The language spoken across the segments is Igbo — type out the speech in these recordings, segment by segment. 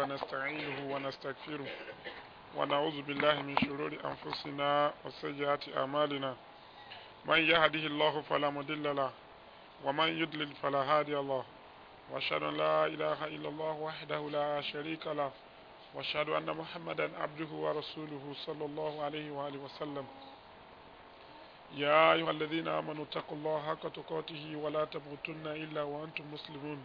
ونستعينه ونستغفره ونعوذ بالله من شرور أنفسنا وسيئات أعمالنا من يهده الله فلا مضل له ومن يضلل فلا هادي له وأشهد أن لا إله إلا الله وحده لا شريك له وأشهد أن محمدا عبده ورسوله صلى الله عليه وآله وسلم يا أيها الذين آمنوا اتقوا الله حق تقاته ولا تموتن إلا وأنتم مسلمون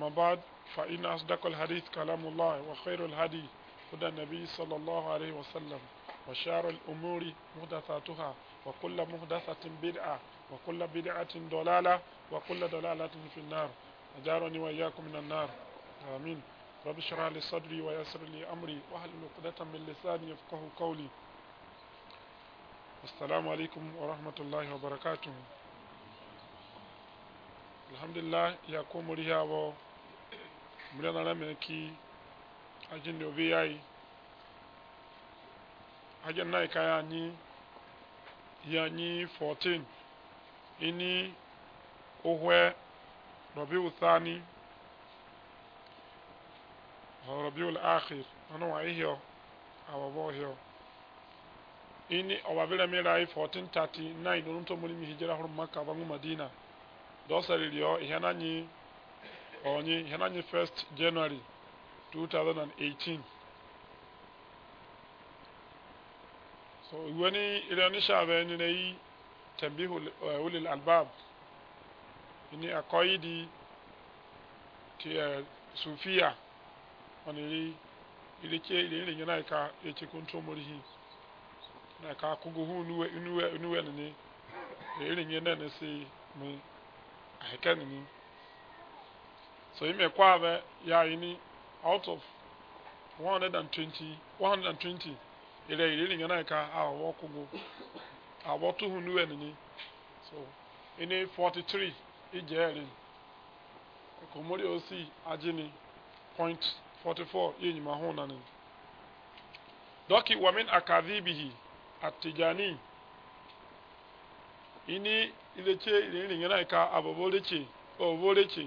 ما بعد فإن أصدق الحديث كلام الله وخير الهدي هدى النبي صلى الله عليه وسلم وشار الأمور محدثاتها وكل محدثة بدعة وكل بدعة ضلالة وكل ضلالة في النار أجارني وإياكم من النار آمين رب اشرح لي صدري ويسر لي أمري واحلل عقدة من لساني يفقه قولي السلام عليكم ورحمة الله وبركاته الحمد لله يا كومريا mmerɛ no ara mmerɛ ki agye ne obi ayi agye no naika yɛ anyi yɛ anyi fourteen ini ohwɛ rɔbi uthani rɔbi ul akhir ɔno wa ihio awɔbɔ ihio ini ɔbabirɛ mi rai fourteen thirty nine ɔno ntomori mi hijira horo maka bangu madina dɔsɛri liɔ ihɛ nanyi onye ihe na anyị 1st january 2018 so iwe ni ile onisha abe ni na yi tambihu eh, albab ini akoyi di ti uh, eh, sufiya wani ri ile ke ile ile yana ka eche kuntu murihi na ka kugu hu nuwe nuwe nuwe ne ile nyene ne si mi ahekani ni So you may ya ini out of 120 120 ile ile ni ngana ka awo to enini so ini 43 ijeri ko mori osi ajini point 44 yenyi ma hona ni doki wa min akadhibihi atijani ini ile ni ngana ka aboboleche oboleche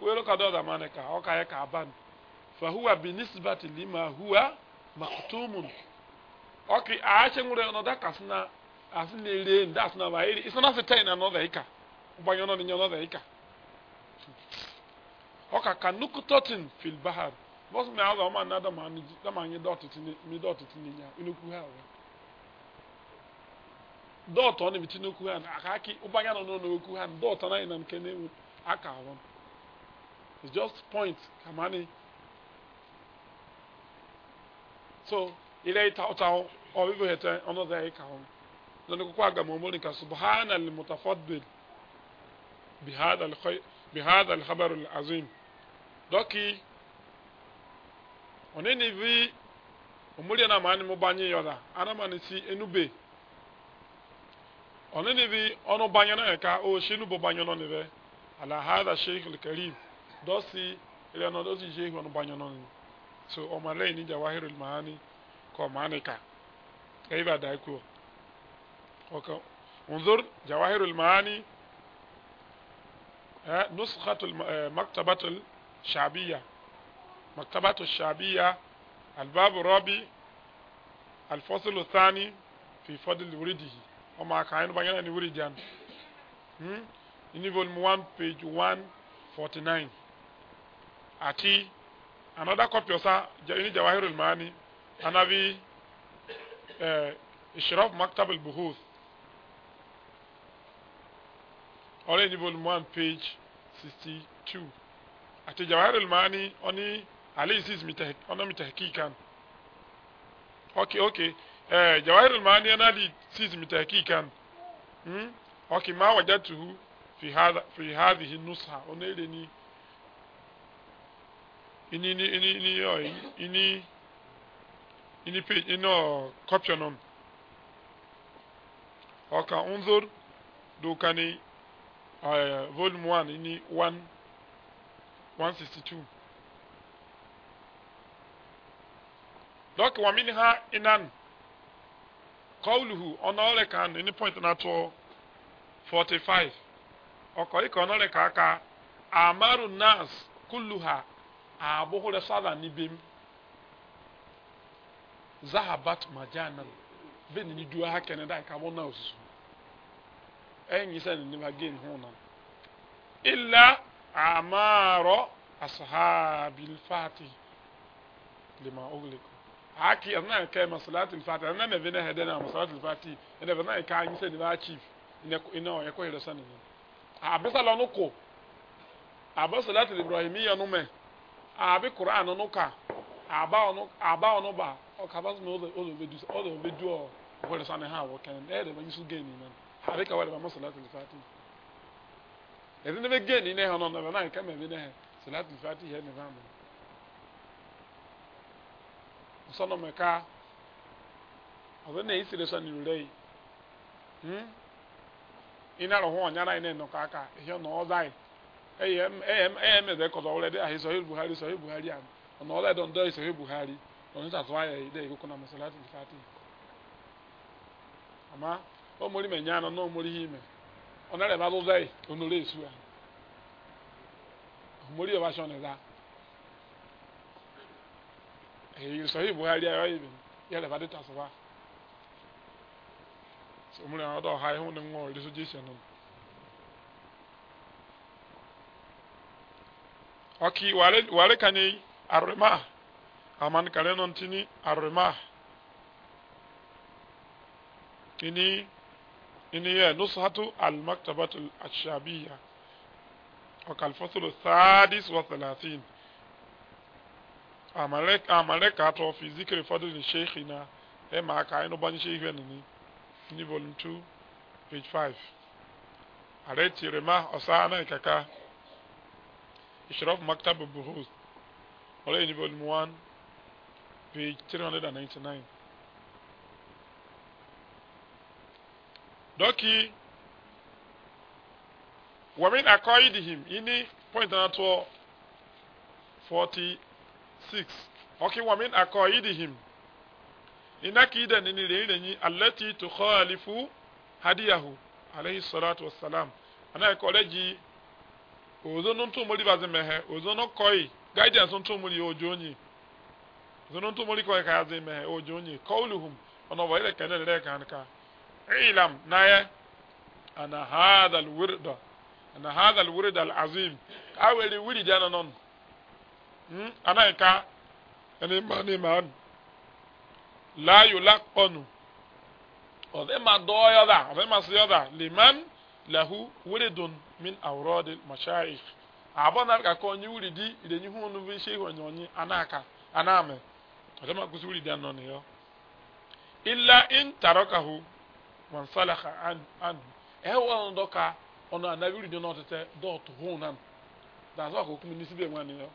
welo ka dɔda mane ka o ka ya ka fa huwa binisbati lima huwa maktumun oki a ce ngure no da kasna asne re nda asna ba iri isna se na no ịka ika ubanyo no nyono ịka ika ka kanuku totin fil bahar bọsụ ọma na ha wa dot ha aka n'okwu ha na na aka It's just point, Kamani. So, ile ita ọta ọbịbụ hete ọnọdụ ya ịka ọnụ. Lọ́nà kwụkwọ aga m ọmọdụ nka subhana al-mutafadil bihad al-khabar al-azim. Dọ́kì, ọ̀nà ni vi ọmọdụ na ma anyị mụ banye yọda, anamani si enube. Ọ̀nà ni vi ọnụ banye na ka o shi nubo banye nọ n'ebe. Ala da sheikh al-karim. dosi ilana dosi je sheikh wani banyanon so o ma lẹyìn e ní jawahirul mahani kọ mahani ka ẹyí e bá da ikú e ọkọ unzur um jawahirul mahani ẹ nuskhatul ẹ eh, maktabatul shabiya maktabatul shabiya albabu rabi alfosilu thani fi fadil wuridihi ọmọ akanyin banyanon ni wuridiyan hmm? in volume one page one forty nine ati another copy ọsa ini jawahir ilmani anabi eh, ishraf maktab albuhuth ọrẹ ni volume one page sixty two ati jawahir ilmani ọni alisis ọna mitahkikan ok ok eh, jawahir ilmani ọna alisis mitahkikan hmm? ok ma wajatuhu fi hadhihi nusha ọna ere ni. ini ini ini ini ini ini page ino copy oka unzur do kani volume 1 ini 1 162 ha inan kan ini point na to 45 ka ka aka amaru nas kulluha abohore sala ni bem zahabat majana bene ni dua ha kene dai ka mo na osu enyi sa ni ba gen ho na illa amaro ashabil fati lima ugliku haki na kai masalatul fatih na me bene hede na masalatul fatih ina bana ka anyi sa ni ba chief ina ina ya ko hele sa ni abisa no ko abisa latul ibrahimiyya no me abi qur'an no ka aba no aba no ba o ka ba no o do bedu o bedu o ko le sane ha wo ken e de ba na abi ka wale ba masalatul fatih e de be geni ne na na e ka me bi ne salatul fatih he ne ba mo me ka o ne isi e le sane rei hm ina ro ho na e no ka ka he no o am am ɛdɛ kɔtɔ wɛrɛ de ahi sɔhi buhari sɔhi buhari am ɔnà ɔlɛ dɔn dɔ sɔhi buhari ɔnà tàtó ayɛ yi dɛ ikoko na masalati fati ama ɔmori mɛ nyaana na ɔmori yi mɛ ɔnà rɛ ba do dɛ ɔnore esu ya ɔmori yɛ ba sɔ ne da ɛyɛ sɔhi buhari ayɛ ɔyɛ bi yɛ rɛ ba so ba ɔmori yɛ ɔdɔ ha ne ŋɔ ɔdi so jesu ɛnum. oki wale wale kane arma aman kale non tini arma ini ini ya nushatu al maktabatu al ashabiyya وقال الفصل السادس والثلاثين amalek amalek ato fi zikiri fadli sheikhina e ma aka ino bani sheikhe ni ni volume 2 page 5 are tirema osana ikaka إشراف مكتب البحوث already volume 1 page 399 دوكي ومن أقايدهم إني point number 46 okay ومن أقايدهم إنك إذا نريد التي تخالف هديه عليه الصلاة والسلام أنا أقول لك ozono ntumori bazimehe ozono koi guidance ntumori ojonyi ozono ntumori koi ka azimehe ojonyi kauluhum ono wa ile kene le kan ka ilam naye ana hadha alwirda ana hadha alwirda alazim aweli wiri dana non hmm ana e ka ene mani man la yulaqanu ọdẹ ma dọ ọyọ dà ọdẹ ma si yọ dà liman lahu wiridun min awurɔdi mashaif abɔ na ka kɔ nyi wuli di irenyi hu nu bi se wɔ nyɔnyi anaka aname ɔdɛm akusi wuli di anɔ niyɔ illa in tarɔkahu wɔn salaka an an ɛhɛ wɔn dɔ ka ɔnɔ anabi wuli di nɔ tete dɔɔtu hu nan daasɛ ɔkɔ kumi nisi bɛ mu aniyɔ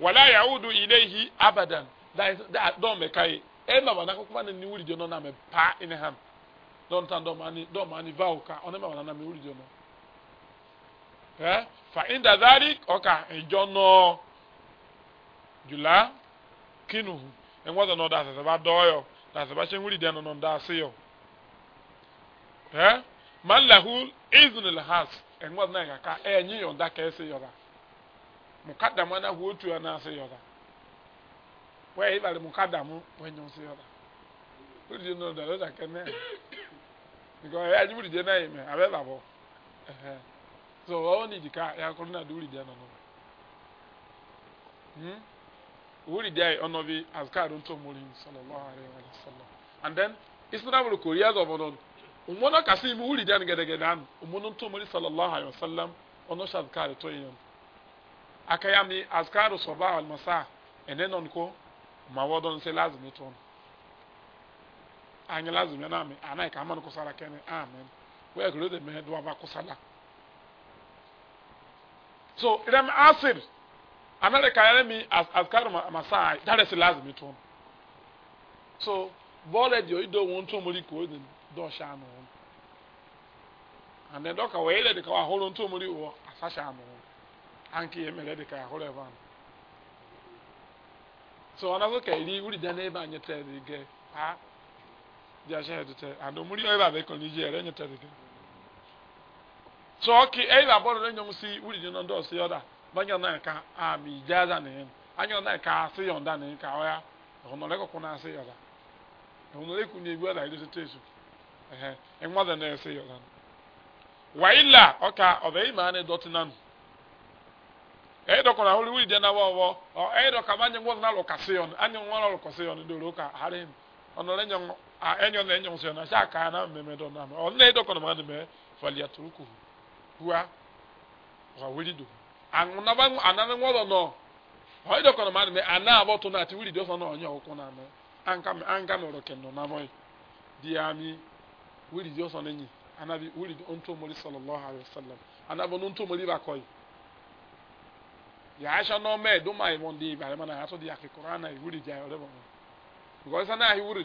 wala yahudu ilehi abadan da da dɔn mɛ ka ye ɛ ma wɔn akɔkɔ ma ni wuli di nɔ na mɛ paa ina ham. dɔn tan dɔn maa ni dɔn maa ni va o kan ɔne ma wala na mi wuli jɔnɔ ɛ fa inda zaari ɔka ìjɔnɔ jula kinu ɛŋɔ zɔnɔ da sɛsɛ ba dɔɔyɔ da sɛsɛ ba se wuli diɛ nɔnɔ da se yɔ ɛ man lahu izun la has ɛŋɔ zɔnɔ yɛ kaka ɛyɛ nyi yɔn da kɛ se yɔ la mukadamu ana wo tu ana se yɔ la wɛyɛ ibali mukadamu wɛnyɔ se yɔ la wuli diɛ nɔnɔ da lɛ da kɛ nɛ because ɛyɛ adwuma di gya na yi mɛ abɛ ba bɔ ɛhɛ so ɔwɔ ne di ka yakoro na de wuli gya na no hmm wuli gya yi ɔnɔ bi azikari ntɔ mori sallallahu alayhi wa sallam and then isinamu kori azɔ bɔ dɔn umono kasi mu wuli gya ni gɛdɛgɛdɛ anu umono ntɔ mori sallallahu alayhi wa sallam ɔnɔ sɛ azikari tɔ yi yɛn akayami azikari sɔba alimasa ɛnɛ nɔnko ma wɔ dɔn sɛ laazimi tɔn. anyị lazụmịa na amị anaghị ka amanụ kwụsara kene amen wee gụrụ ede mee dụwa kwụsala so ịrịa asịr anaghị ka ya mi azkarị masa daresi lazụmị tụọ so bọọlụ dị oyido onwe ntụ omori ka o dị dọsha anụ and ndọka dọka wee ile dị ka ọhụrụ ntụ omori ụwa asacha anụ anke ya mere dị ka ọhụrụ ebe anụ so ọ na-azụ ka iri uri dị n'ebe anyị tere gị ha jasɛhɛtetɛ and omuri ɛyɛ baa bɛkɔ ni yɛrɛ ɛnyɛ tɛtɛtɛ so ɔke ɛyɛ nyɔm si wuli ɔda ka a mi jaza ne yɛn anyɔ nan ka se yɔn ka ɔya na se yɔda ɔnɔlɛ kun ne ɔda ɛhɛ ɛnwa wayila ɔka ɔbɛ ɛyɛ wuli na wɔwɔ ɛyɛ dɔ kaba anyɛ na lɔ kase yɔn anyɛ ŋɔ na lɔ kase yɔn do Ah, a enyo na enyo sio na sha ka na mmeme do na o na edo kono ma me fali aturuku bua wa wili do anu na ba anane ngolo no o edo kono ma me ana aboto na ti wili do so na onye okwu na me anka me anka me ro kendo na boy di ami wili do so na nyi anabi wili do onto mori sallallahu alaihi wasallam anabo no onto mori ba koy ya aisha no me do mai e mon di ba na aso di akikora na wili ja ore bo because na hi wili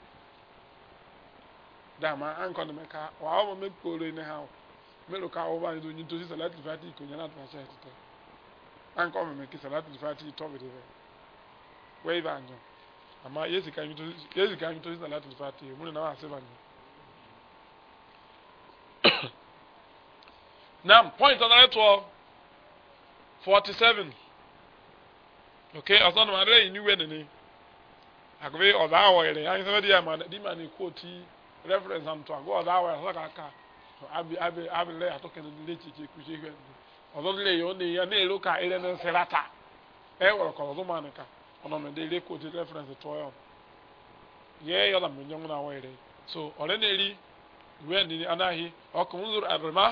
dama ankɔ no mɛka waa ɔmo mɛkpolo ne ha melo ka ɔba ne do nyi tosi salati fati ko nyana to ahyɛ tete ankɔ ɔmo mɛki salati fati tɔ bi de bɛ ba anyo ama yesi ka nyi yesi ka nyi tosi salati fati mu ne na wa se ba nyo nam point anare toɔ forty seven okay ɔsán no adé yi ni wɛ nini akobe ɔbaa wɔ yɛrɛ anyi sɛ di yɛ ma di ma ne kooti reference am to agọ ọdọ awa ẹsọ kaka abi abi abi lẹyìn atọkẹ ní ilé títí kùsì ìhẹ ndú ọdọ nílé yìí ó ní yẹn ní èrò ká eré ní nsirata ẹ wọlọ kọ ọdọ máa nìka ọdọ mi dé ilé kó di reference tó yọ yẹ yọ nà mí nyọngu náà wọ èrè so ọrẹ náà rí ìwé ẹni anáhi ọkùnrin zoro àrùmá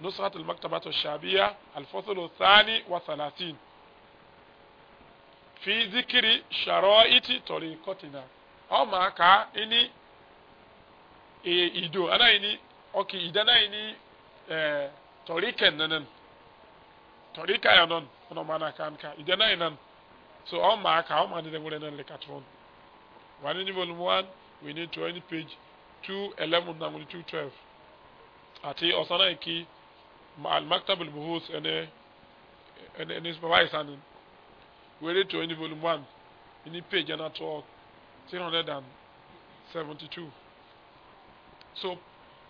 nusrat al-maktaba to shabiya alfosolo sani wa salatin fi zikiri sharo'iti tori kotina ọ oh, maa ka ini ee ido anayini oke ida anayini ee eh, toriken nanan torika ya non ono mana kan ka ida anayinan so on ma ka on ma ni dengure nan lekatron one in volume one we need to any page two eleven na nguli two twelve ati osana iki ma al maktab al buhus ene ene ene supervise anin we need to any volume one any page na seventy-two. So,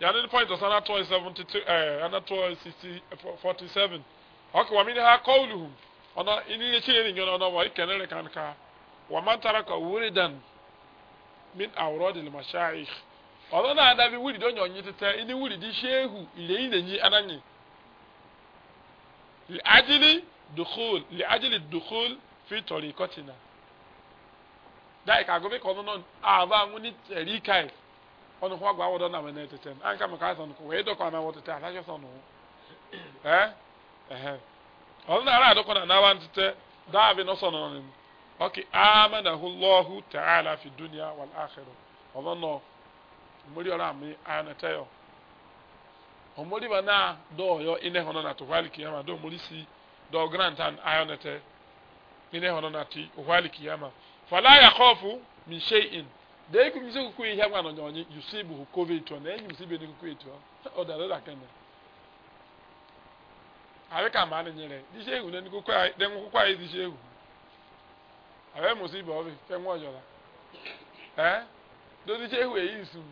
yàrá ní point ọ̀sán anatọ́ seventy three eh, ẹ̀ anatọ́ sixty eh, forty seven ọkọ̀ wàmí ni ha kọ́ olùhùn ọ̀nà ìníye kí ẹni yọ̀nà ọ̀nà wà ìkẹ́lẹ́ rẹ̀ kànká wà má tara kà wúri dàn mí àwòrán dì lèmọ̀ ṣáàyè ọ̀nà náà dàbí wúri dọ́nyọ̀ ọ̀nyin tẹ́tẹ́ ìní wúri dì ṣéhù ìlẹ́yìn lẹ́yìn anányì lè ajílì dùkúl lè ajílì dùkúl fi tọ̀rì kọ́tìnà dáìka àgọ́bí kan náà àbá àwọn onítẹ̀rí káyìí. ọnụ hụ agwa awọdọ na mene tete anka nka maka asọ nukwu wee dọkọ na wọtete ala jọsọ nụ ee eh? ehe ọdụ na ara adọkọ na nawa ntete daabi n'ọsọ nọ nụ ọkị ama na hụlọhụ taala fi dunia wal akhịrị ọdụ nọ mmiri ọrụ amị anete yọ ọmọdé ba naa dọọ yọ ine hụ nọ na tụhwalị kiyama dọọ mmiri si dọọ grantan ayọnete ine hụ nọ na tụhwalị kiyama fọlá ya kọfụ min shay'in de eku mse kuku ihe ngwa no nyonyi yusibu hu covid na enyi mse be ni kuku etu o ụlọ da kan awe ka ma ni nyere di se ehu na kuku ai de kuku ai di se ehu awe musibe obi ke nwa ojola eh do di se ehu eyi isu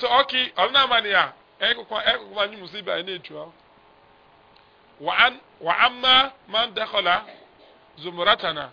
so okay ona mani ya ekuku ekuku ma nyi musibe ni etu wa an wa ama ma dakhala zumuratana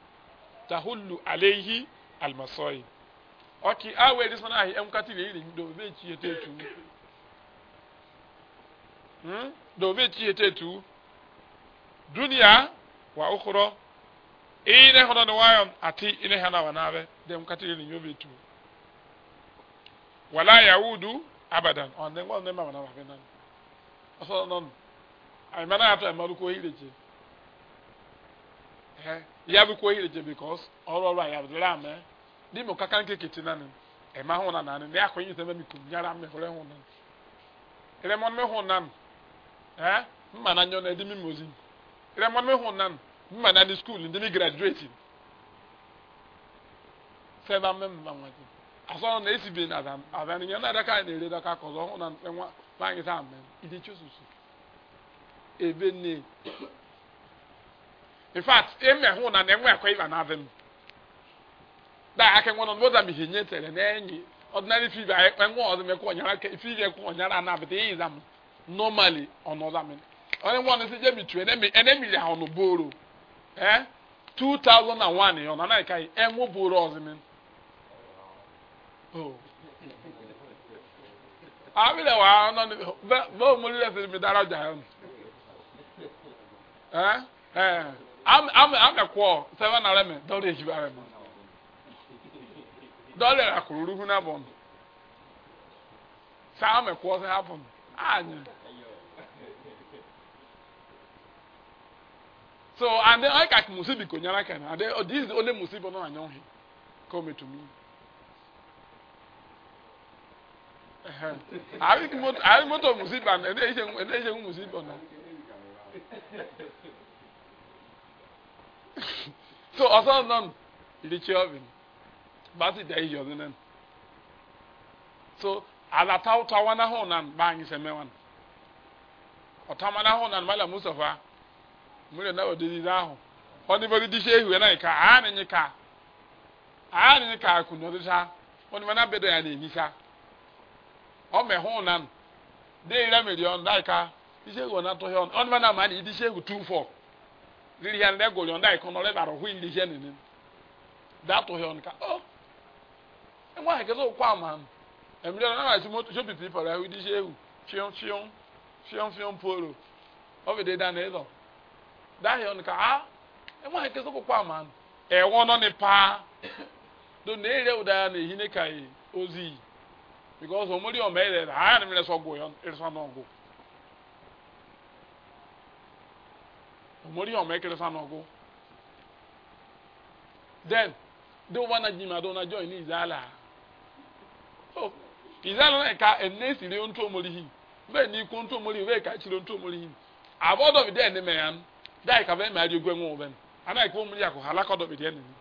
tahullu alayhi almasoi ɔki awo edi sɔnna ahi ɛmukati ah, le yiri do obe etsi ete etu hmm do obe etsi ete etu dunia wa okorɔ eyi ne hɔnɔ ne wayɔ ati ine hana awa n'abɛ de ɛmukati le yiri obe etu wala yahudu abadan ɔn oh, ne ŋgɔ ne ma wana ma fɛ nani ɔsɔ nɔnu ayimana yàtɔ ɛmɛ ɔlu ko eyi le tse. ya bụkwa kwa ireje bikos ọrụ ọrụ a ya bụdịrị ama n'ime ọkaka nke kete nanị ema hụ na nanị na akwa inye tebe miku nyara mmehụrụ hụ nanị ere mọ mmehụ nanị ee mma na nyọ na nanị mma ndị skuul mma ka na nwa in fact eme na na enwe akwa ịba m da aka nwa nye tere ordinary fever enwe ọdụ mekwa ọnyara ka ọnyara na abịa ihe ịza m ọnụ nwa ọnụ si je mi tue ene ya ọnụ boro eh 2001 ọ na na enwe boro ọzọ m oh. am am agakwo sewa na reme dole ejiba reme dole akuru ruhu na bon sa me kwo se happen anyi so and then like musibi ko nyara kan and then oh, is the only musibi no anyo he come to me ari moto ari moto musibi and then ise and then ise musibi na so ọsọ nọ richi oven basi da iyi ọdị nan so ala tauta wana hụ nan ba anyị seme wan ọta mana hụ nan mala musafa mmiri na ọdịdị ahụ ọ dị bori dishe ihu na ka a na-enye ka a na-enye ka akụ na ọdịcha ọ dị mana bedo ya na-enye ka ọ mee hụ nan dị ire meri ọnụ daika dishe ihu na atụghị ọnụ ọ dị mana ma na idishe ihu 2-4 riri ya ndị egori ndị ikọnọ rebara hụ ili ihe nene datụghị ọnụ ka ọ oh, enwe ahụ kedu ụkwa ama m emiri ọ na-asị moto shopi pipara ahụ dị ihe ewu fion fion fion fion poro ọ bụ dịda na ịzọ daghị ọnụ ka a enwe ahụ kedu ụkwa ama m ewe ọnọ ni paa do na ere ụda ya na-ehine ka ozi because omori ọma ere ha ah, ya na mmiri sọ gwụ ya ịrịsọ n'ọgwụ omori ọmọ ekeresa then oh, e e e na jim adona join izala so izala na ka ene siri ntu omori hi bẹẹ ni ntu omori bẹẹ ka chiri ntu omori hi abọdọ bi ya nù ka kàfẹ́ mẹ adi ogun ẹ̀wọ̀n bẹ́ẹ̀ anáà ìkú omori ha alákọ̀dọ̀ bi dẹ ẹni ni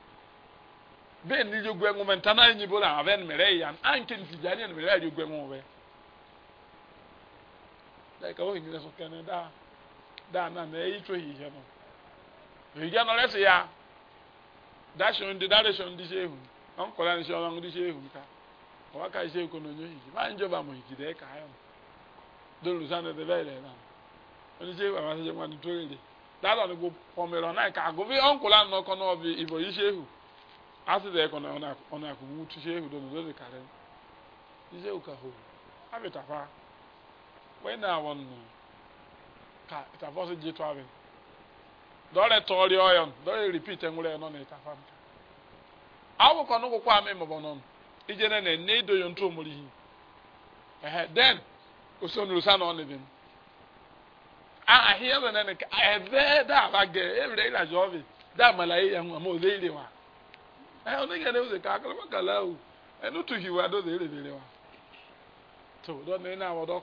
bẹẹ ni ogun ẹ̀wọ̀n bẹ́ẹ̀ ntana ẹni bọ́lá àfẹ́ ẹni mẹrẹ yìí ya nù ànkẹ́ ni fìjà ni ẹni mẹrẹ adi ogun ẹ̀wọ̀n dana na eyi tso nọ. no ehigya na ɔrɛsi ya dashon di darishon di ehu ɔnkɔla ni sɔlɔn di ehu nka ɔba ka sehu ko na onyo higi maa njɛ mo higi dɛ ka ayɔ dolu san de bɛ yɛlɛ na oni sehu ehu ma se jɛma ni to yɛlɛ dada ni ko pɔmɛrɛ ɔna ka agobi ɔnkɔla ni ɔkɔ na ɔbi ibo yi sehu asi dɛ kɔna na ɔna ko wu tu sehu dolu dolu ka dɛ ehu ka ho abi wɛna ka itafɔsi dzi to abe dɔlɛ tɔɔli ɔyɔn dɔlɛ repeat ɛŋlɛ nɔ ne itafam awo kɔ nuku ame mɔbɔ nɔ idze nɛ ne do yɔn tó ɛhɛ den osonurusa nɔ ne bim aha hi ka ɛvɛ da ava gɛ ɛvɛ ila da amala yi ɛŋu ama ɔzɛ ile wa ɛ onigɛ ne ɔzɛ ka akɔlɔ kala o ile wa to dɔ ne na wɔ dɔ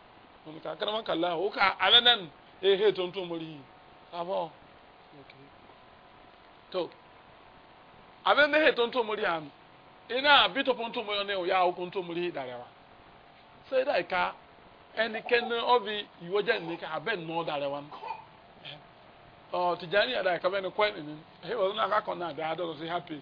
mo ka karama kala o ka ananan e eh, he tonto mori abo ah, okay to abe ne he tonto mori am ina bito ponto mori ne o ya o konto mori darewa so da ka ẹni kẹne ọbi ìwọjà ní ká abẹ nnọ darewa ọ tìjànì happy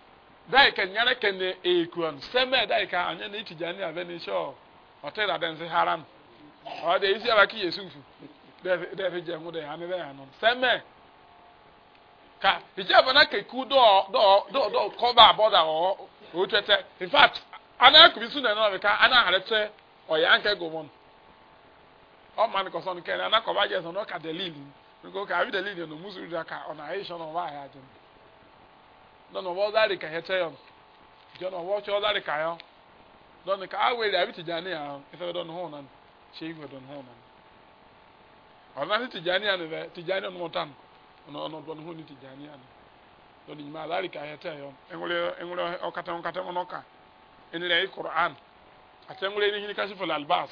dai ke nyare ke ne ekuan seme dai ka anya na itija ni ave ni sho otela den haram o de isi ki de de je ha ni seme ka ije na ke ku do do do do cover border o ka ana o ya nke go won o man ko son ke ana ko ba ka delili ko ka delili no musu ka ona no dɔn ɔwɔ ɔdari ka hɛtɛ yɔ jɔn ɔwɔ tsɛ ɔdari ka yɔ dɔn ka awɛri awi ti dzani yɛ ɛfɛ dɔn hɔn nan tse ihu dɔn hɔn nan ɔna ti dzani yɛ nivɛ ti dzani yɛ numɔ tan ɔnɔ ɔnɔ dɔn hɔn ni ti dzani yɛ dɔn nyima ɔdari ka hɛtɛ yɔ ɛŋlɛ ɛŋlɛ ɔkatɛ ɔkatɛ mɔ nɔka ɛnilɛ yi kur'an ati ɛŋlɛ yi ni kasi fɔlɔ alibas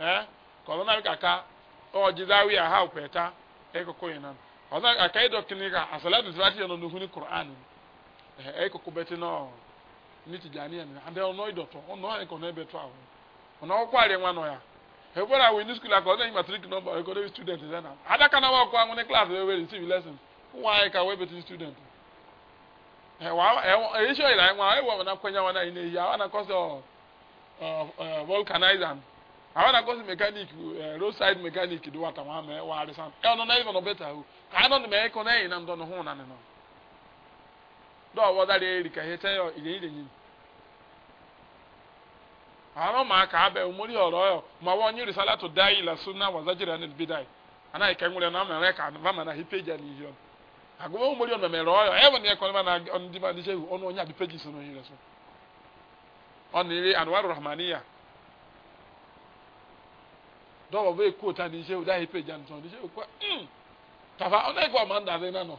ɛ kɔlɔn na kaka ɔdzidawi aha opɛta ɛkɔkɔ yi nan ɔna kaka yi dɔ kini ka asalatu ti ba ti yɛ nɔ nuhu ni kur'an ni ɛkɔ kɔbɛte nɔ ne ti gya ne yɛ no adɛ ɔnɔ idɔtɔ ɔnɔ ɛkɔ na ɛbɛtɔ awo ɔnɔ ɔkɔ ari nwa nɔ ya ɛfɔra awo ni sukuu akɔ oh, oh, matric nɔmba student na adaka na wa kɔ anwene class ɛwɛ receive lesson wa ayɛ ka wɛbɛ student ɛwɔ ɛwɔ ɛyɛsɛ la ɛwɔ kɔnya wɔn ayi awa na kɔsɛ ɔ ɔ awa na kɔsɛ uh, uh, mechanic ɛ uh, roadside mechanic do wata wɔn amɛ wɔ dɔw e a wɔda deɛ erika hɛ kyɛn yɛ ìdè ìdè nyi àárọ̀ màá kà á bẹ̀ ọrụ ọrụ ẹ̀ mà wọ́n nyírí sálá tó dá yìí lásán náà wà zájìrì ẹni bí dáì àná ìkẹ́ ń wúlẹ̀ náà mẹ̀rẹ̀ kà bá mà náà hí péjì ẹni yìí ọ̀n àgbọ̀n òmórí ọ̀nà mẹ̀rẹ̀ ọ̀yọ̀ ẹ̀ wọ̀n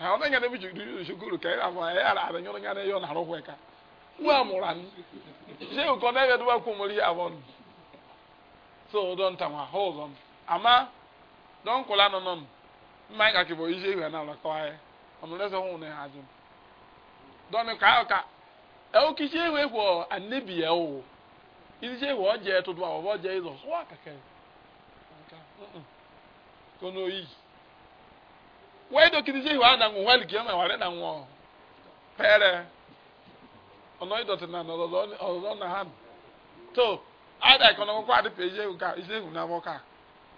ha ọ na-enye mi jiri sukuru ka ịra afọ ya ara arịnyụrụ ya na ihe ọ na-arụ kweka nwa mụrụ anyị ṣé nǹkan ọdọ ẹgbẹ tó bá kú mọlẹ àwọn nù so ọdọ ntà wọn ahọ ọzọ nù àmà dọnkùlá nọ nọ nù mma ẹ kàkì bọ iṣẹ ìwé náà lọkọ ayẹ ọmọ lẹsẹ ọhún ní ha jù dọmi ká ọkà ẹ ó kí iṣẹ ìwé wọ ànẹbì ẹ o iṣẹ ìwé ọjẹ tuntun àwọn ọjẹ ìzọ sọ wà kẹkẹ kọ wee dokirizie ihe ana nwụ nwali gị na nwere na nwụọ pere ọnọ ịdọtị na ọzọ na ha to ada ka ọnọkụkọ adịpụ eji ewu ka ewu na nwoke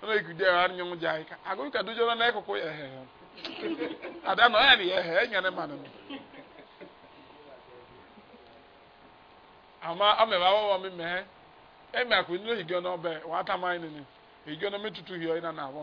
ọnọ ikude ya anyị nyenwu anyị ka agụ ka dujọrọ n'akụkụ ya ehe ada na ya ehe enyere ama ọ mere awọwọ mee gị wata ọnọ hi na na-awọ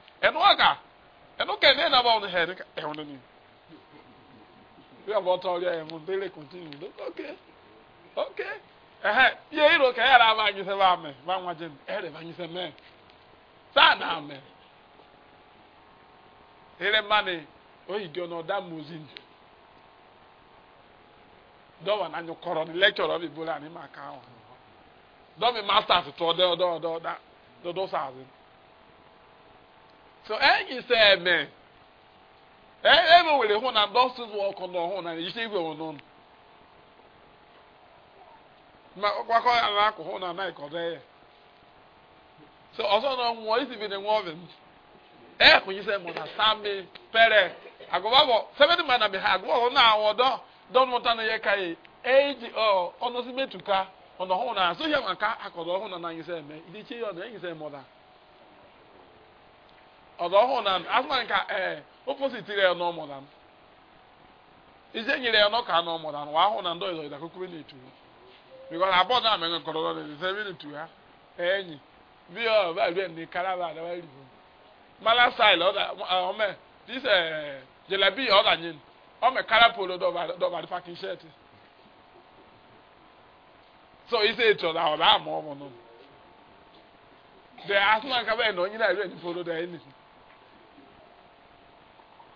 ɛnu aga ɛnu kɛne na ba ɔnu hɛ ɛnu ɛnu ni bí tɔ ɔlú ɛyɛ mu délé kùntìmù ok ok ɛhɛ yé yìí ló kɛ ihe la bá anyi sɛ bá mɛ bá ŋun adé ɛyɛ lè bá anyi sɛ mɛ sáà nà oyi di ɔnà ɔdá mozin dɔwɔ kɔrɔ ni bi bolo ani ma dɔmi masters tɔ so enyi sị eme ebe were hụ na dọstis wọkụ na ọhụụ na isi igwe wụ n'ụlọ ma ọgbakọ ya na akụ hụ na naịk ọdọ ya so ọsọ eh, na ọnwụọ isi bi na nwa ọbịa m ekwunye sị mụ na sami pere agụba bụ ma na mi ha agụba ọrụ na awọ dọ dọnụta na ya ka ya eji ọ ọnọsi metuka ọnọ hụ na asụ ya maka akọdọ ọhụụ na na enyi sị eme ndị chi ya ọ na enyi sị eme ọda ọzọ ọhụụ na asụma nka ee eh, opposite ya n'ọmụ na m ije nyere ya n'ọka n'ọmụ na m wee ahụ na ndị ọzọ ịdakụkụrụ na-etu because abụọ na amị nkọrọ na ise ebe na-etu enyi bi ọ bụ karaba adaba mala style ọ da ọmụ eh, jelebi ọ da nye kara polo dọba dị shirt so etu ọ da ama nọ. asụma nka enyi.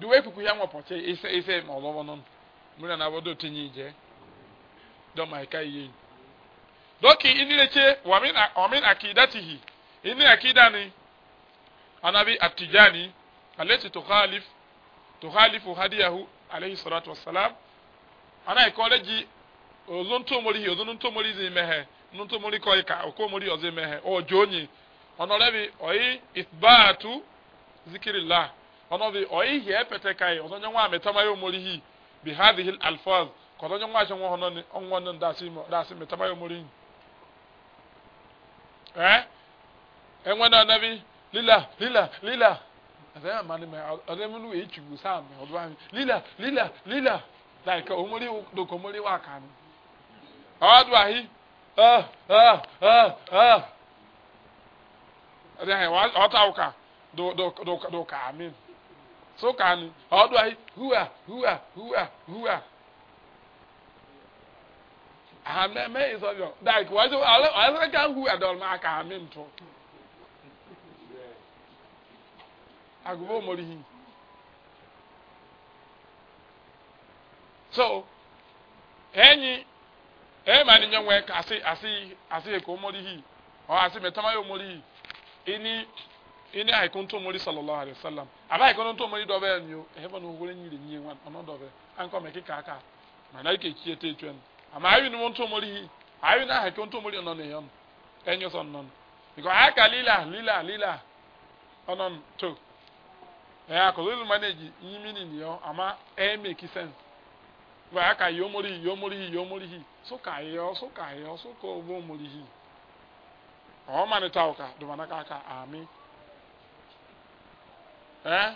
the way kuku ya nwapọcha ise ise ma ọlọwọ nọ mmiri na abodo tinye ije dọ ma ịka ihe dọki inileche wamin akidatihi ini akidani anabi atijani aleti tukhalif tukhalifu hadiyahu alayhi salatu wassalam ana ikoleji ozo ntomori hi ozo ntomori zi mehe ntomori koi ka okomori ozi mehe ojo onye ọnọrẹbi oyi ithbaatu zikirillah ọ̀nà bi ọ̀yí hìẹ́ pẹ̀tẹ́ káyé ọ̀nà nyẹ́ wọn àmẹ́tàmá yóò mọ̀rí hì bi hàdí hìl alfaz kọ̀dọ̀ nyẹ́ wọn àṣẹ wọn ọ̀nà ọ̀nwọ́n ní dàsí mẹ́tàmá yóò mọ̀rí hì. ẹ ẹ wọn náà nàbí lílà lílà lílà ẹsẹ yẹn àmà ni mẹ ọdẹ mi nù èyí tì wù sáà mẹ ọdún àmì ah ah ah ah òmùrí dòkò òmùrí wà kàn ní. ọdún àhí so kan ọdụ anyị hua hua hua hua ha mmemme ịsọjọ dak wajụ ọlụsọ ka hu adọl ma aka amị ntụ agụba omorihi so enyi ema ni nyenwe ka asị asị asị ka omorihi ọ asị metamayo omorihi ini ini ayi ko nto mori sallallahu alaihi wasallam aba ayi eh, ko nto mori dɔ bɛ nyo eheba no wore nyiri nyie wan ɔno dɔ bɛ ankɔ mɛ kika aka mana ayi ke kie te twen ama ayi no nto mori hi ayi na ayi ko nto mori ɔno ne yɔn enyo son non biko ayi ka lila lila lila ɔno to ɛyɛ eh, akɔlɔ ilu manage yimi ni ni yɔ ama ɛyɛ e make sense wa ayi ka yɔ mori yɔ mori hi yɔ mori hi so ka yɔ e so ka yɔ e bo mori hi ɔmani ta o ka dumana ka ka ami. eh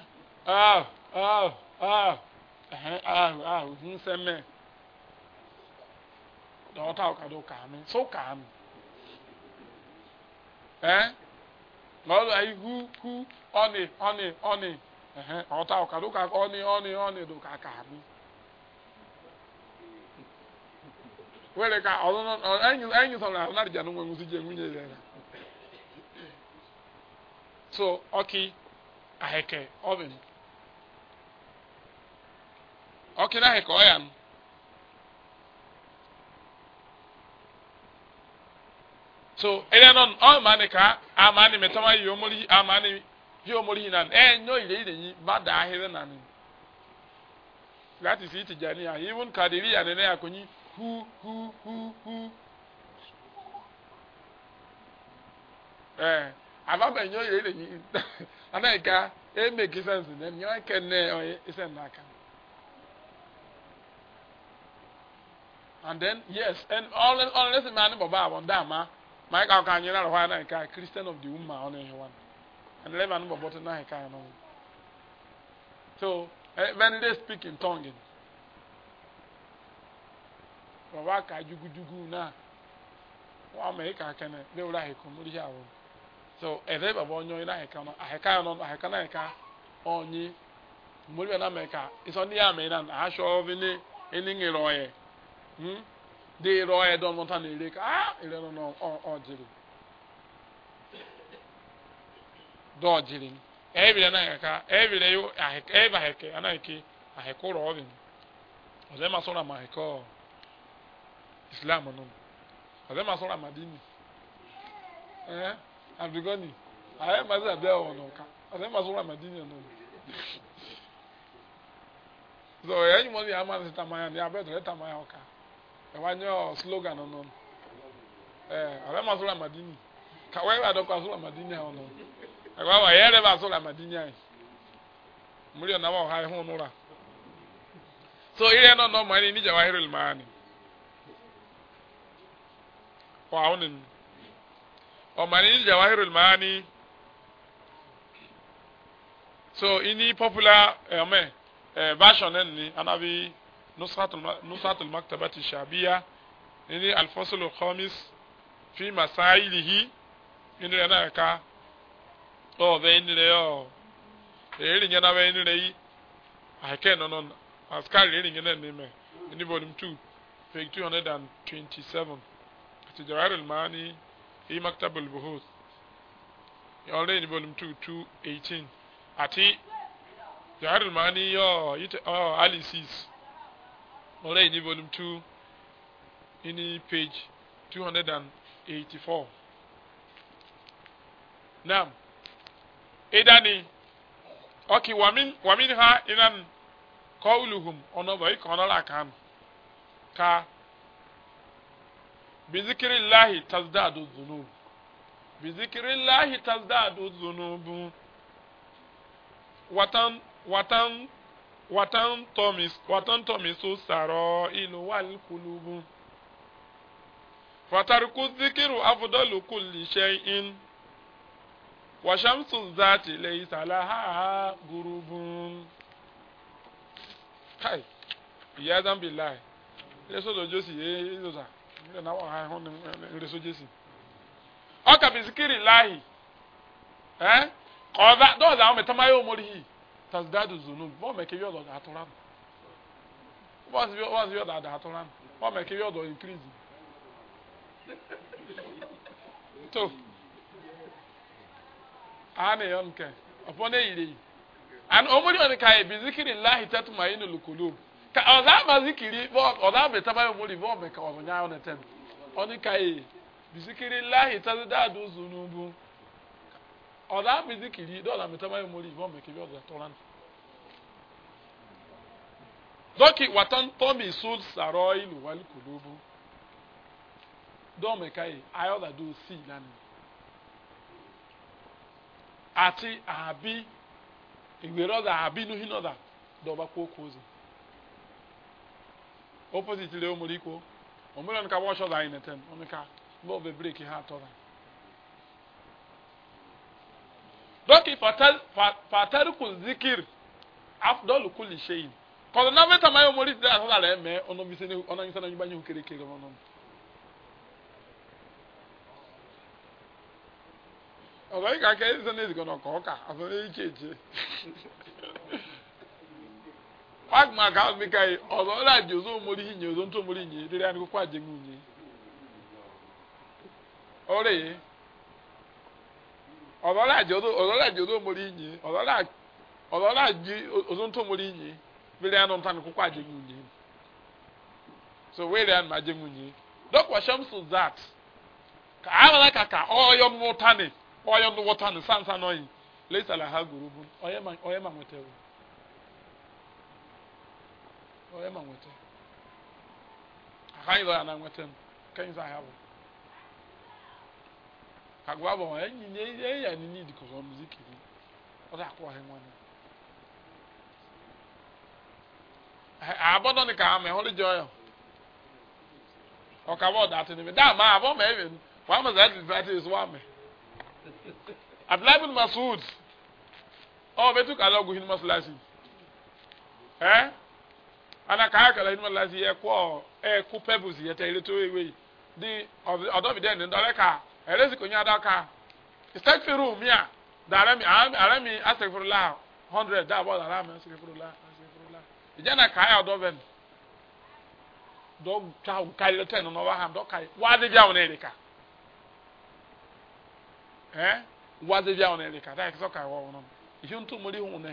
ah ah ah eh ah ah hun seme da wata ka do ka mi so ka mi eh ma do ai hu ku oni oni oni eh wata ka do ka oni enyi sọrọ ahụ narịja n'ụmụ nwụsị ji enwunye ya so ọkị okay. aheke oven ọkịrị aheke ọ ya so ere nọ ọ ma ni ka ama ni metama yi omori ama ni yi omori yi na ni ee nyo ire ire yi ba ahịrị na ni that is it jani ya even kadiri ya nene akonyi hu hu hu hu ee eh, ababa nyo ire ire yi anaghịkwa emeki sense na enyo eke nne onye ise n'aka and then yes and all all this man baba abọ ndị ama ma ịka ọka anyị na-arụkwa anaghị ka christian of the woman ọ na-ehi wan and eleven anụ bọbọ tụ naghị ka anyị n'ọnwụ so eh, when they speak in tongue eh, baba ka jugujugu na wa ma ịka kene ndị ụra ahịkọ mmiri ahụ so ɛdɛ bɛ bɔ ɔnyɔ yi n'ahɛka no ahɛka yɛ no ahɛka n'ahɛka ɔnyi mmoli bɛ n'amɛka esɔ ni yamɛ na ahyɛ ɔvi ne eni ŋerɛ ɔyɛ hmm de erɛ dɔn na ere ka ah erɛ no no ɔ ɔgyiri na ɔgyiri ɛyɛbirɛ yɛ ahɛka ɛyɛbɛ ahɛkɛ ɔdɛ ma sɔrɔ ama ahɛkɔ islam no abdulgani ayé màá sè abẹ́ ọ̀nà ọ̀ka àti ẹ̀ màá sọ̀rọ̀ àmàdínìyàn náà so ẹ̀yìn mọ́ni yà á máa ń sèta máa Tamaya ní abẹ́ ìtọ́lẹ́ta máa yà ọ̀ka ẹ̀ wá nyọ́ slogan ọ̀nà ẹ̀ ọ̀rẹ́ màá sọ̀rọ̀ àmàdínì kàwé ẹ̀ bá dọ́kọ̀ àsọ̀rọ̀ àmàdínìyàn ọ̀nà ẹ̀ wá wà ẹ̀yẹ́ rẹ̀ bá sọ̀rọ̀ àmàdínìyàn múlíọ̀ náà wà ọ̀há ẹ̀hún nura so ilé náà nọ mọ́ ẹni níjà wáhírò lè máa ní wà áwọn ènìyàn ọmọnìyàn jawahirul maani so ini popular ẹmẹ um, ẹ eh, eh, version ẹ nìyí anabi nusatul maktabati shabiya ini alfosolo khamis fi masailihi ini rẹ náà ká ọ bẹ ini rẹ ọ èrè yẹn náà bẹ ini rẹ yìí àìkẹ́ nọ́nọ́ àsikárì èrè yẹn náà ní ini volume two page two hundred and twenty-seven àti jawahirul maani. في مكتب البحوث already volume 2 218 ati jahar almani yo yite oh ali 6 already volume 2 ini page 284 nam idani Oki wamin wamin ha inan qawluhum ono boy kono la kan ka bizikiri lahi tasdadu zunubu bizikiri lahi tasdadu zunubu watan watan watan tomis watan tomisu saro ilu wal kulubu fatariku zikiru afdalu kulli shay'in wa shamsu zati laysa laha gurubun kai ya zambi lahi leso dojo si eh, ndị na ha hụ nreso jesi ọ ka bizikiri lahi ee ka ọ za dọọza ahụ metama ya omori hi tazdadu zunu bọ meke ya ọdọ atụra m bọọzi ya ọdọ ada atụrụ anụ bọ meke ya ọdọ inkrizi to a na-eyọ nke ọpọ na-eyiri eyi and omori ọ dị ka ebizikiri lahi tatuma inu lukulubu ka ọzọ amazi kiri ọzọ ametaba ya omori bọọ meka ọzọ nya ọ netem ọni ka e bizikiri lahi tazi daadu uzu n'ugwu ọzọ amazi kiri dọọ ametaba ya omori bọọ meka ebe ọzọ tọrọ nụ dọki watan tọmi sul sarọ ilu wali kulubu dọọ meka e ayọ da do si lani àti àbí ìwérọ̀ opposite le omuliko omulon ka washo da ineten onika no be break ha to da doki fatal ku zikir afdal kulli shay na veta mayo mori da so da le me ono mi se ni ono nyi sana nyi banyu yìí kàkẹ́ ẹ̀ fag ma ka bi kai ọzọ ọla ji ozo omori hinye ozo nto omori hinye rere ani kwa je ore ọzọ ọzọ ọzọ ọzọ so ka kaka ọyọ nwụta ni ọyọ nwụta ni sansa nọyi la ha guru bụ ọyọ ma nweta onye ma nweta akaghị ya na nweta m kenyi ahịa bụ agwa bụ enyi nye ihe ya ni ọ dị akwụ ọhịa nwanne abọdọ ni ka ama ịhụrụ jọ ya ọka bọọdụ atị n'ime daa ma abọ ma ebe wa ma ezu wa bin ọ bụ etu ka ala ee ana ka akala inu la si ekwo eku pebbles e yeta ewe di odo bi den ka erezi ko nya daka start fi room ya darami da bo darami astaghfirullah astaghfirullah ijana ka ya odo ben do ta un kai le ten ham kai wa de erika eh wa de erika da ka so kai wo wono hu na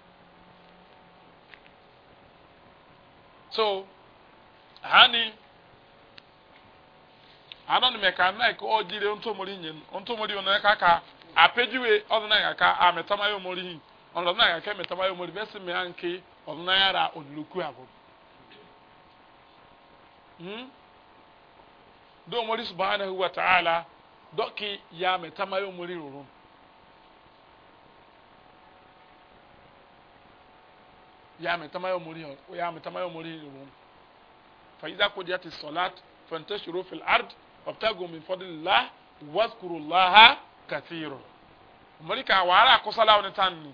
so hani anọ nime ka nna ka ọ jiri ntomori nye ntomori ọ na-aka ka apejiwe ọdịnaya ka ametamaya omori ọdịnaya ka emetamaya omori besi mme ha nke ọdịnaya ra odiloku abụ hmm? do omori subhanahu wa ta'ala doki ya metamaya omori rụrụ yaami tama yoo muri hɔn o yaami tama yoo muri hɔn wɔm fayiza kodiya ti sɔlat fɛntɛ shuru fil ard ɔbtago min fɔdilila wakurulaha katiro mori ka wàhálà kɔsala wọn tan ni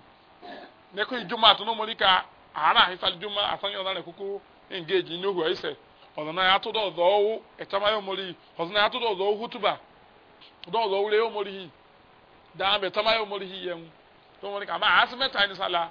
ne ko juma tunu mori ka ara hisal juma asan yɔn nana kuku engage ni hu ayisɛ ɔzɔnna ya to dɔw zɔwu ɛtama e yoo muri ɔzɔnna ya to dɔw zɔwu hutuba dɔw zɔwu le yoo mori hi daa bɛ tama yoo mori hi yɛn tɔmɔri ka ma asimɛ ta ni sala.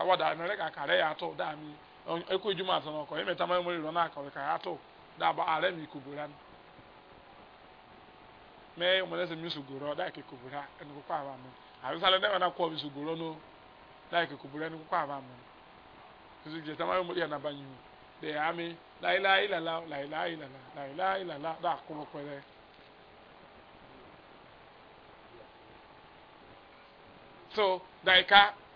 kawa da mere ka kare ya to da mi eku ijuma ato no ko e meta mai mori ro na ka ka ato da ba are mi kuburan me mo lese mi su goro da ke kubura en ko pa ba mo a bi sale na na ko bi su goro no da ke kubura en ko pa ba mo su je ta mai mori na banyu de ami la ilaha illallah la ilaha illallah la ilaha illallah da ko ko pere so daika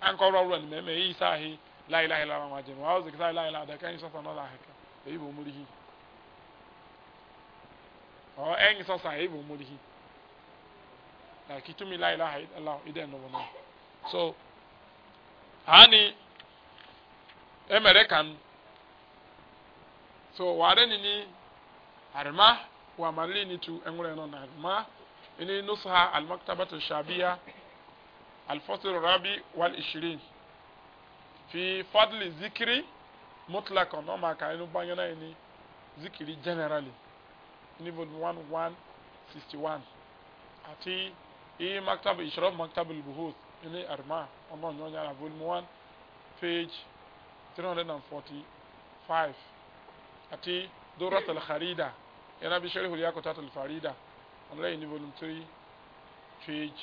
ankɔrɔ wura nimɛ mɛ eyi sahi layilayi la ma jɛ mɛ awo zikisa layilayi la adaka yin sɔsɔ n'ɔla ahika eyi b'o mori hi ɔ ɛyin sɔsɔ eyi b'o mori hi na kitumi layilayi la idɛ nɔbɔ nɔ so hani ɛmɛrɛ e kan so waare ni arima wa mali ni tu ɛŋurɛ e nɔ na arima ini e nusaha to shabia. الفصل الرابع والعشرين في فضل الذكر مطلقا وما كانوا بانينا إني ذكري generally ní volume one one sixty one àti iye maktab ìṣòro maktab al-buhut ní arima ọmọ ọ̀nyọ́ nyara volume one page three hundred and forty five àti dorat al-kharida yẹn náà bí sẹ́rí hùlẹ́ akọ̀tà al-farida ọ̀nà lẹ́yìn ní volume three page.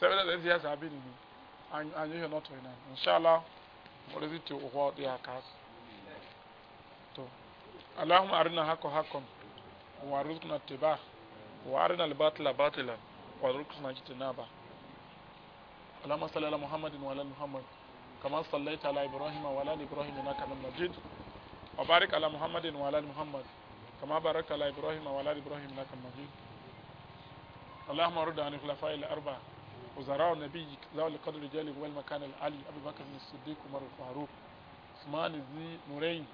seven hundred years have been and and you not in inshallah what is it to what they are cast so اللهم أرنا حق حقا وارزقنا اتباعه وأرنا الباطل باطلا وارزقنا اجتنابه اللهم صل على محمد وعلى محمد كما صليت على إبراهيم وعلى آل إبراهيم إنك حميد مجيد وبارك على محمد وعلى آل محمد كما باركت على إبراهيم وعلى آل إبراهيم إنك حميد مجيد اللهم رد عن الخلفاء الأربعة وزراء النبي ذو لقد رجال والمكان العلي أبي بكر الصديق ومر الفاروق ثمان ذي نورين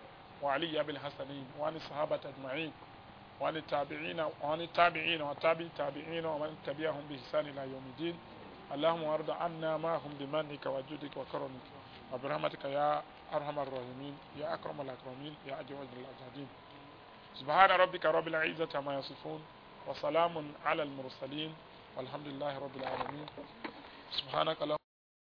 وعلي أبي الحسنين وعن الصحابة أجمعين وعن التابعين وعن التابعين وتابع التابعين ومن تبعهم بإحسان إلى يوم الدين اللهم أرض عنا ما هم بمنك وجودك وكرمك وبرحمتك يا أرحم الراحمين يا أكرم الأكرمين يا أجود الأجودين سبحان ربك رب العزة ما يصفون وسلام على المرسلين والحمد لله رب العالمين سبحانك اللهم